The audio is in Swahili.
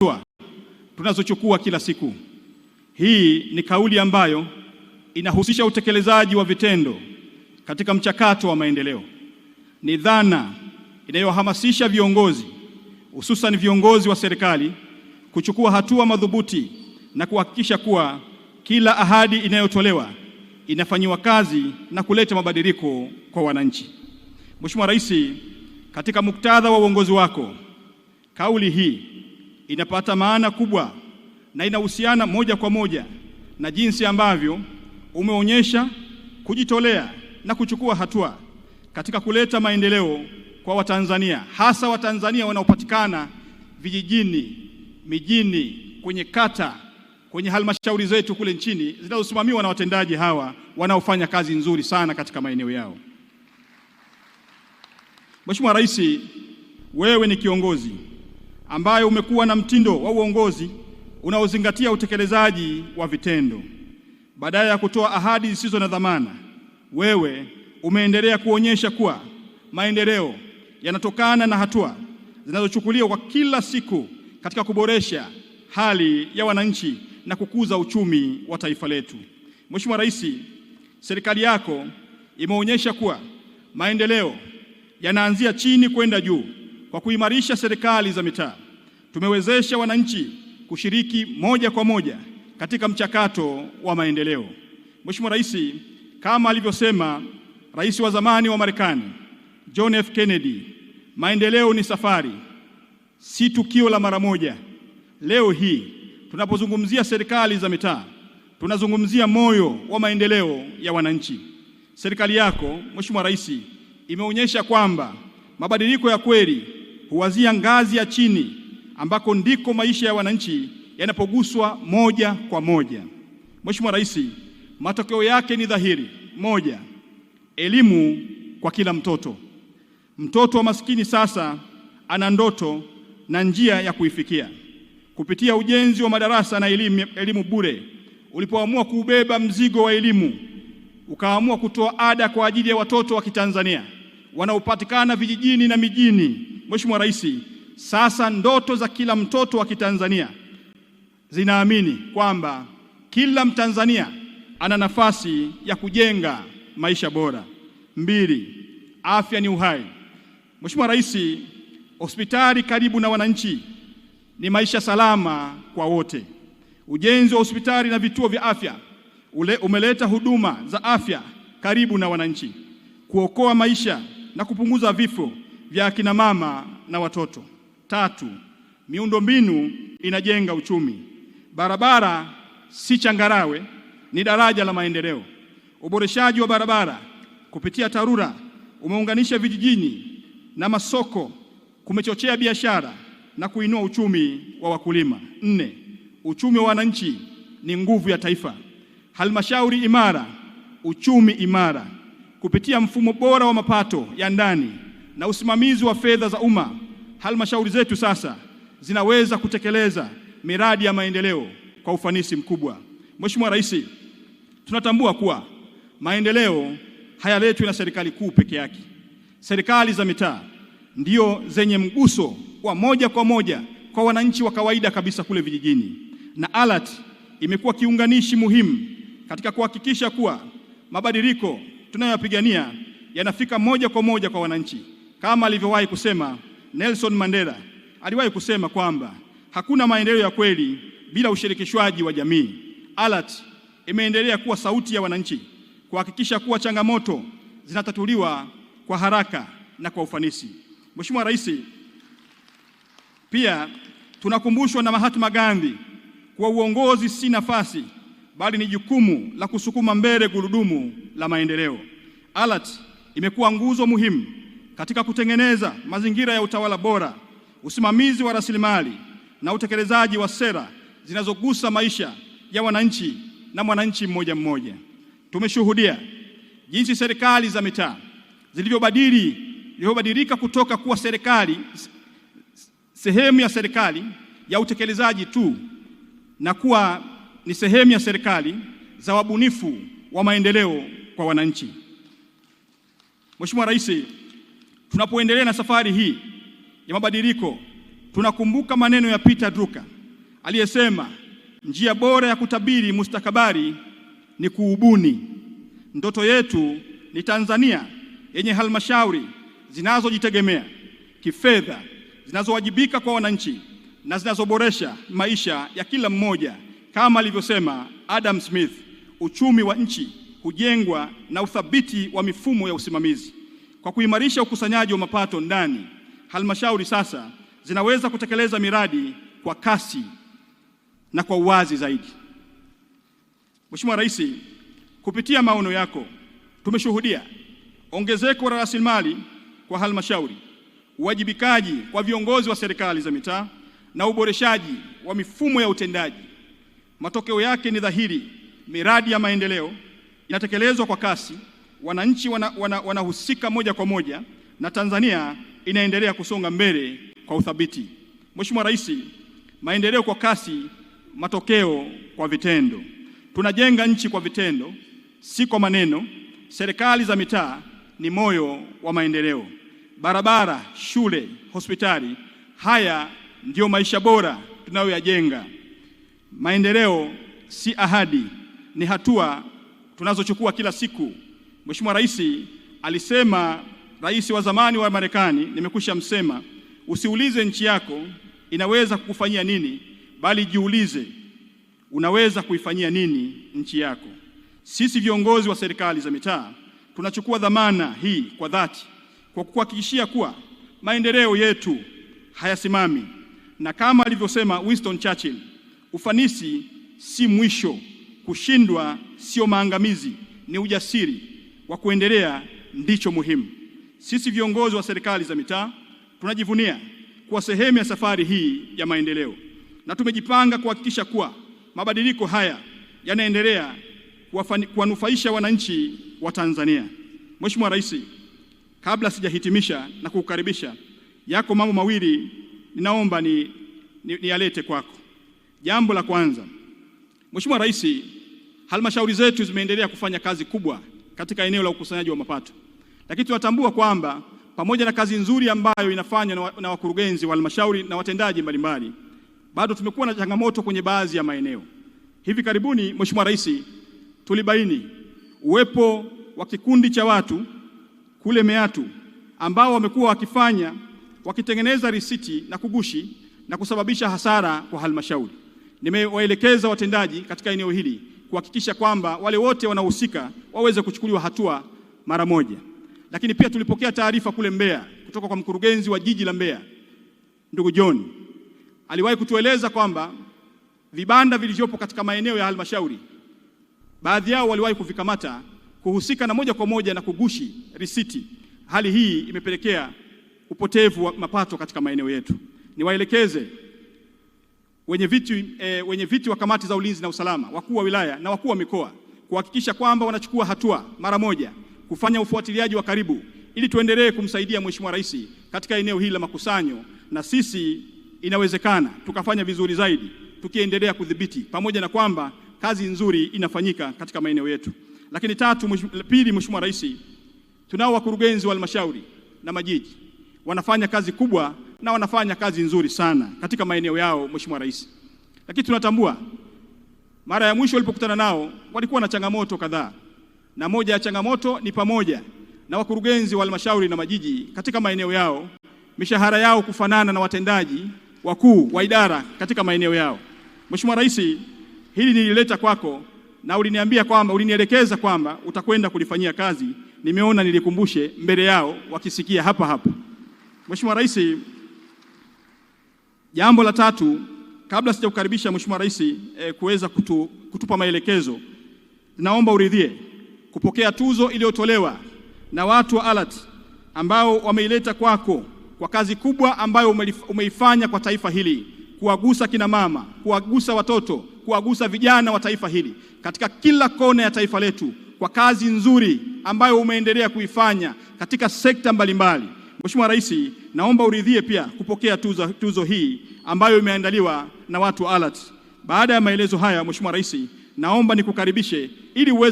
Hatua tunazochukua kila siku. Hii ni kauli ambayo inahusisha utekelezaji wa vitendo katika mchakato wa maendeleo. Ni dhana inayohamasisha viongozi, hususan viongozi wa serikali, kuchukua hatua madhubuti na kuhakikisha kuwa kila ahadi inayotolewa inafanyiwa kazi na kuleta mabadiliko kwa wananchi. Mheshimiwa Rais, katika muktadha wa uongozi wako, kauli hii inapata maana kubwa na inahusiana moja kwa moja na jinsi ambavyo umeonyesha kujitolea na kuchukua hatua katika kuleta maendeleo kwa Watanzania, hasa Watanzania wanaopatikana vijijini, mijini, kwenye kata, kwenye halmashauri zetu kule nchini zinazosimamiwa na watendaji hawa wanaofanya kazi nzuri sana katika maeneo yao. Mheshimiwa Rais, wewe ni kiongozi ambayo umekuwa na mtindo wa uongozi unaozingatia utekelezaji wa vitendo badala ya kutoa ahadi zisizo na dhamana. Wewe umeendelea kuonyesha kuwa maendeleo yanatokana na hatua zinazochukuliwa kwa kila siku katika kuboresha hali ya wananchi na kukuza uchumi wa taifa letu. Mheshimiwa Rais, serikali yako imeonyesha kuwa maendeleo yanaanzia chini kwenda juu. Kwa kuimarisha serikali za mitaa, tumewezesha wananchi kushiriki moja kwa moja katika mchakato wa maendeleo. Mheshimiwa Rais, kama alivyosema rais wa zamani wa Marekani John F. Kennedy, maendeleo ni safari, si tukio la mara moja. Leo hii tunapozungumzia serikali za mitaa, tunazungumzia moyo wa maendeleo ya wananchi. Serikali yako Mheshimiwa Rais imeonyesha kwamba mabadiliko ya kweli huwazia ngazi ya chini ambako ndiko maisha ya wananchi yanapoguswa moja kwa moja. Mheshimiwa Rais, matokeo yake ni dhahiri: moja, elimu kwa kila mtoto. Mtoto wa maskini sasa ana ndoto na njia ya kuifikia kupitia ujenzi wa madarasa na elimu, elimu bure. Ulipoamua kuubeba mzigo wa elimu, ukaamua kutoa ada kwa ajili ya watoto wa Kitanzania wanaopatikana vijijini na mijini Mheshimiwa Rais, sasa ndoto za kila mtoto wa Kitanzania zinaamini kwamba kila Mtanzania ana nafasi ya kujenga maisha bora. Mbili, afya ni uhai. Mheshimiwa Rais, hospitali karibu na wananchi ni maisha salama kwa wote. Ujenzi wa hospitali na vituo vya afya ule umeleta huduma za afya karibu na wananchi, kuokoa maisha na kupunguza vifo vya akina mama na watoto. Tatu, miundombinu inajenga uchumi. Barabara si changarawe, ni daraja la maendeleo. Uboreshaji wa barabara kupitia TARURA umeunganisha vijijini na masoko, kumechochea biashara na kuinua uchumi wa wakulima. Nne, uchumi wa wananchi ni nguvu ya taifa. Halmashauri imara, uchumi imara. Kupitia mfumo bora wa mapato ya ndani na usimamizi wa fedha za umma, halmashauri zetu sasa zinaweza kutekeleza miradi ya maendeleo kwa ufanisi mkubwa. Mheshimiwa Rais, tunatambua kuwa maendeleo hayaletwi na serikali kuu peke yake. Serikali za mitaa ndio zenye mguso wa moja kwa moja kwa wananchi wa kawaida kabisa kule vijijini, na ALAT imekuwa kiunganishi muhimu katika kuhakikisha kuwa mabadiliko tunayoyapigania yanafika moja kwa moja kwa wananchi. Kama alivyowahi kusema Nelson Mandela, aliwahi kusema kwamba hakuna maendeleo ya kweli bila ushirikishwaji wa jamii. ALAT imeendelea kuwa sauti ya wananchi kuhakikisha kuwa changamoto zinatatuliwa kwa haraka na kwa ufanisi. Mheshimiwa Rais, pia tunakumbushwa na Mahatma Gandhi kuwa uongozi si nafasi bali ni jukumu la kusukuma mbele gurudumu la maendeleo. ALAT imekuwa nguzo muhimu katika kutengeneza mazingira ya utawala bora, usimamizi wa rasilimali na utekelezaji wa sera zinazogusa maisha ya wananchi na mwananchi mmoja mmoja. Tumeshuhudia jinsi serikali za mitaa zilivyobadili zilivyobadilika kutoka kuwa serikali sehemu ya serikali ya utekelezaji tu na kuwa ni sehemu ya serikali za wabunifu wa maendeleo kwa wananchi. Mheshimiwa Rais Tunapoendelea na safari hii ya mabadiliko, tunakumbuka maneno ya Peter Drucker aliyesema, njia bora ya kutabiri mustakabali ni kuubuni. Ndoto yetu ni Tanzania yenye halmashauri zinazojitegemea kifedha, zinazowajibika kwa wananchi na zinazoboresha maisha ya kila mmoja. Kama alivyosema Adam Smith, uchumi wa nchi hujengwa na uthabiti wa mifumo ya usimamizi. Kwa kuimarisha ukusanyaji wa mapato ndani, halmashauri sasa zinaweza kutekeleza miradi kwa kasi na kwa uwazi zaidi. Mheshimiwa Rais, kupitia maono yako tumeshuhudia ongezeko la rasilimali kwa halmashauri, uwajibikaji kwa viongozi wa serikali za mitaa na uboreshaji wa mifumo ya utendaji. Matokeo yake ni dhahiri, miradi ya maendeleo inatekelezwa kwa kasi wananchi wanahusika wana, wana moja kwa moja na Tanzania inaendelea kusonga mbele kwa uthabiti. Mheshimiwa Rais, maendeleo kwa kasi, matokeo kwa vitendo. Tunajenga nchi kwa vitendo, si kwa maneno. Serikali za mitaa ni moyo wa maendeleo. Barabara, shule, hospitali, haya ndiyo maisha bora tunayoyajenga. Maendeleo si ahadi, ni hatua tunazochukua kila siku. Mheshimiwa Rais alisema, rais wa zamani wa Marekani, nimekusha msema, usiulize nchi yako inaweza kukufanyia nini, bali jiulize unaweza kuifanyia nini nchi yako. Sisi viongozi wa serikali za mitaa tunachukua dhamana hii kwa dhati, kwa kuhakikishia kuwa maendeleo yetu hayasimami, na kama alivyosema Winston Churchill, ufanisi si mwisho, kushindwa sio maangamizi, ni ujasiri wa kuendelea ndicho muhimu. Sisi viongozi wa serikali za mitaa tunajivunia kuwa sehemu ya safari hii ya maendeleo na tumejipanga kuhakikisha kuwa mabadiliko haya yanaendelea kuwanufaisha wananchi wa Tanzania. Mheshimiwa Rais, kabla sijahitimisha na kukukaribisha, yako mambo mawili ninaomba ni, ni, kwako. Jambo la kwanza, Mheshimiwa Rais, halmashauri zetu zimeendelea kufanya kazi kubwa katika eneo la ukusanyaji wa mapato. Lakini tunatambua kwamba pamoja na kazi nzuri ambayo inafanywa na wakurugenzi wa halmashauri na watendaji mbalimbali, bado tumekuwa na changamoto kwenye baadhi ya maeneo. Hivi karibuni, Mheshimiwa Rais, tulibaini uwepo wa kikundi cha watu kule Meatu ambao wamekuwa wakifanya wakitengeneza risiti na kugushi na kusababisha hasara kwa halmashauri. Nimewaelekeza watendaji katika eneo hili kuhakikisha kwamba wale wote wanaohusika waweze kuchukuliwa hatua mara moja. Lakini pia tulipokea taarifa kule Mbeya kutoka kwa mkurugenzi wa jiji la Mbeya, ndugu John, aliwahi kutueleza kwamba vibanda vilivyopo katika maeneo ya halmashauri, baadhi yao waliwahi kuvikamata kuhusika na moja kwa moja na kugushi risiti. Hali hii imepelekea upotevu wa mapato katika maeneo yetu. Niwaelekeze wenye viti, e, wenye viti wa kamati za ulinzi na usalama, wakuu wa wilaya na wakuu wa mikoa kuhakikisha kwamba wanachukua hatua mara moja kufanya ufuatiliaji wa karibu ili tuendelee kumsaidia Mheshimiwa Rais katika eneo hili la makusanyo, na sisi inawezekana tukafanya vizuri zaidi tukiendelea kudhibiti, pamoja na kwamba kazi nzuri inafanyika katika maeneo yetu. Lakini tatu, pili, Mheshimiwa Rais, tunao wakurugenzi wa halmashauri na majiji wanafanya kazi kubwa na wanafanya kazi nzuri sana katika maeneo yao, Mheshimiwa Rais. Lakini tunatambua mara ya mwisho walipokutana nao walikuwa na changamoto kadhaa, na moja ya changamoto ni pamoja na wakurugenzi wa halmashauri na majiji katika maeneo yao mishahara yao kufanana na watendaji wakuu wa idara katika maeneo yao. Mheshimiwa Rais, hili nilileta kwako na uliniambia kwamba ulinielekeza kwamba utakwenda kulifanyia kazi. Nimeona nilikumbushe mbele yao wakisikia hapa hapa. Mheshimiwa Rais Jambo la tatu, kabla sijakukaribisha Mheshimiwa Rais eh, kuweza kutu, kutupa maelekezo, naomba uridhie kupokea tuzo iliyotolewa na watu wa ALAT ambao wameileta kwako kwa kazi kubwa ambayo umeifanya kwa taifa hili, kuwagusa kina mama, kuwagusa watoto, kuwagusa vijana wa taifa hili katika kila kona ya taifa letu, kwa kazi nzuri ambayo umeendelea kuifanya katika sekta mbalimbali. Mheshimiwa Rais, naomba uridhie pia kupokea tuzo, tuzo hii ambayo imeandaliwa na watu wa ALAT. Baada ya maelezo haya, Mheshimiwa Rais, naomba nikukaribishe ili uweze